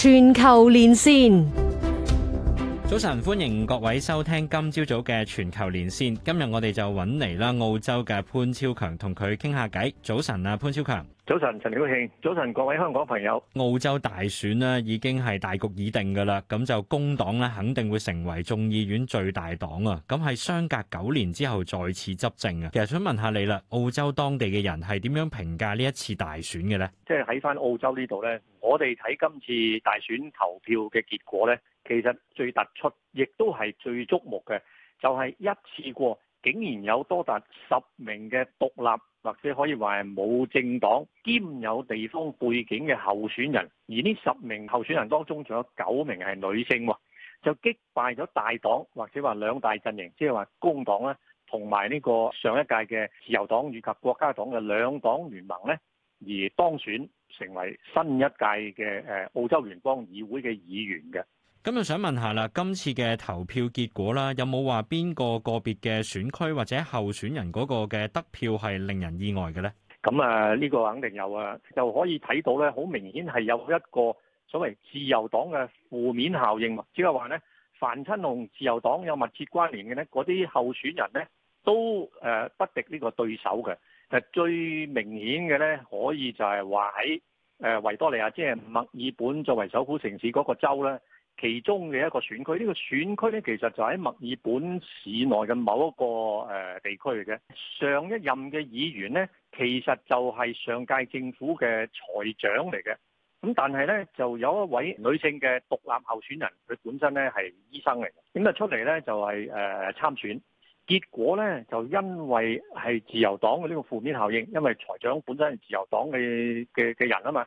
全球連線，早晨，歡迎各位收聽今朝早嘅全球連線。今日我哋就揾嚟啦，澳洲嘅潘昭強同佢傾下偈。早晨啊，潘昭強。早晨，陳曉慶，早晨，各位香港朋友。澳洲大選呢已經係大局已定噶啦。咁就工黨咧，肯定會成為眾議院最大黨啊。咁係相隔九年之後再次執政啊。其實想問下你啦，澳洲當地嘅人係點樣評價呢一次大選嘅咧？即係睇翻澳洲呢度咧，我哋睇今次大選投票嘅結果咧，其實最突出，亦都係最矚目嘅，就係一次過。竟然有多達十名嘅獨立或者可以話係冇政黨兼有地方背景嘅候選人，而呢十名候選人當中，仲有九名係女性喎，就擊敗咗大黨或者話兩大陣營，即係話工黨咧，同埋呢個上一屆嘅自由黨以及國家黨嘅兩黨聯盟咧，而當選成為新一屆嘅誒澳洲聯邦議會嘅議員嘅。咁就想問下啦，今次嘅投票結果啦，有冇話邊個個別嘅選區或者候選人嗰個嘅得票係令人意外嘅咧？咁啊，呢個肯定有啊，就可以睇到咧，好明顯係有一個所謂自由黨嘅負面效應，即係話咧，凡親同自由黨有密切關聯嘅咧，嗰啲候選人咧都誒不敵呢個對手嘅。其實最明顯嘅咧，可以就係話喺誒維多利亞，即係墨爾本作為首府城市嗰個州咧。其中嘅一個選區，呢、這個選區咧，其實就喺墨爾本市內嘅某一個誒地區嚟嘅。上一任嘅議員呢，其實就係上屆政府嘅財長嚟嘅。咁但係呢，就有一位女性嘅獨立候選人，佢本身呢係醫生嚟，咁啊出嚟呢，就係誒參選，結果呢，就因為係自由黨嘅呢個負面效應，因為財長本身係自由黨嘅嘅嘅人啊嘛，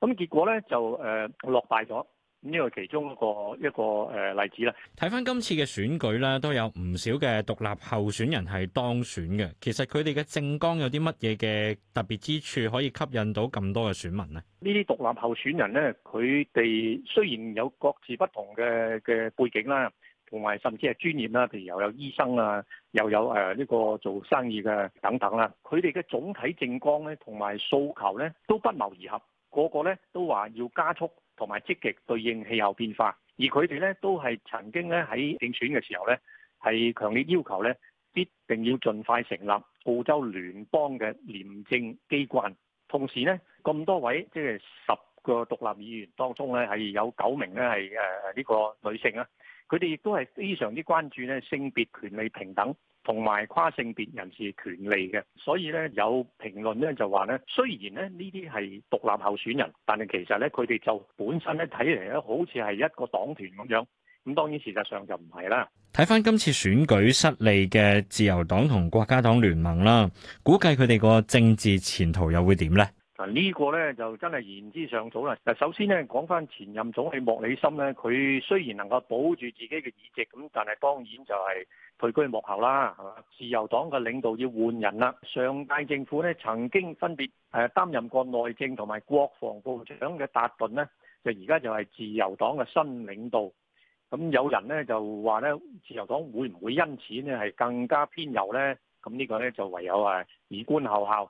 咁結果呢，就誒落敗咗。呢個其中一個一個誒例子啦。睇翻今次嘅選舉啦，都有唔少嘅獨立候選人係當選嘅。其實佢哋嘅政綱有啲乜嘢嘅特別之處，可以吸引到咁多嘅選民呢？呢啲獨立候選人咧，佢哋雖然有各自不同嘅嘅背景啦，同埋甚至係專業啦，譬如又有醫生啊，又有誒呢個做生意嘅等等啦。佢哋嘅總體政綱咧，同埋訴求咧，都不謀而合。個個咧都話要加速同埋積極對應氣候變化，而佢哋咧都係曾經咧喺競選嘅時候咧，係強烈要求咧，必定要盡快成立澳洲聯邦嘅廉政機關。同時呢，咁多位即係十個獨立議員當中咧，係有九名咧係誒呢個女性啊，佢哋亦都係非常之關注咧性別權利平等。同埋跨性別人士權利嘅，所以咧有評論咧就話咧，雖然咧呢啲係獨立候選人，但係其實咧佢哋就本身咧睇嚟咧，好似係一個黨團咁樣。咁當然事實上就唔係啦。睇翻今次選舉失利嘅自由黨同國家黨聯盟啦，估計佢哋個政治前途又會點呢？嗱呢個呢，就真係言之尚早啦。首先呢，講翻前任總理莫里森呢，佢雖然能夠保住自己嘅議席，咁但係當然就係退居幕後啦。係嘛，自由黨嘅領導要換人啦。上屆政府呢，曾經分別誒擔任過內政同埋國防部長嘅達頓呢，就而家就係自由黨嘅新領導。咁有人呢，就話呢，自由黨會唔會因此呢係更加偏右呢？咁呢個呢，就唯有係以觀後效。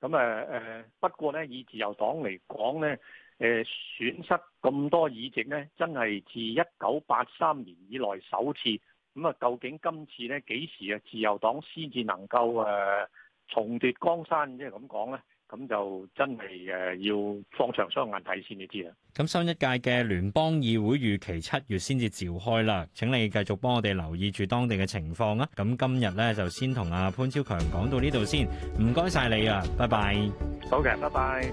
咁誒誒，不過咧，以自由黨嚟講咧，誒、呃、損失咁多議席咧，真係自一九八三年以來首次。咁、嗯、啊，究竟今次咧幾時啊，自由黨先至能夠誒、呃、重奪江山，即係咁講咧？咁就真係誒，要放長雙眼睇先至知啦。咁新一屆嘅聯邦議會預期七月先至召開啦。請你繼續幫我哋留意住當地嘅情況啊。咁今日咧就先同阿潘昭強講到呢度先。唔該曬你啊，拜拜。好嘅，拜拜。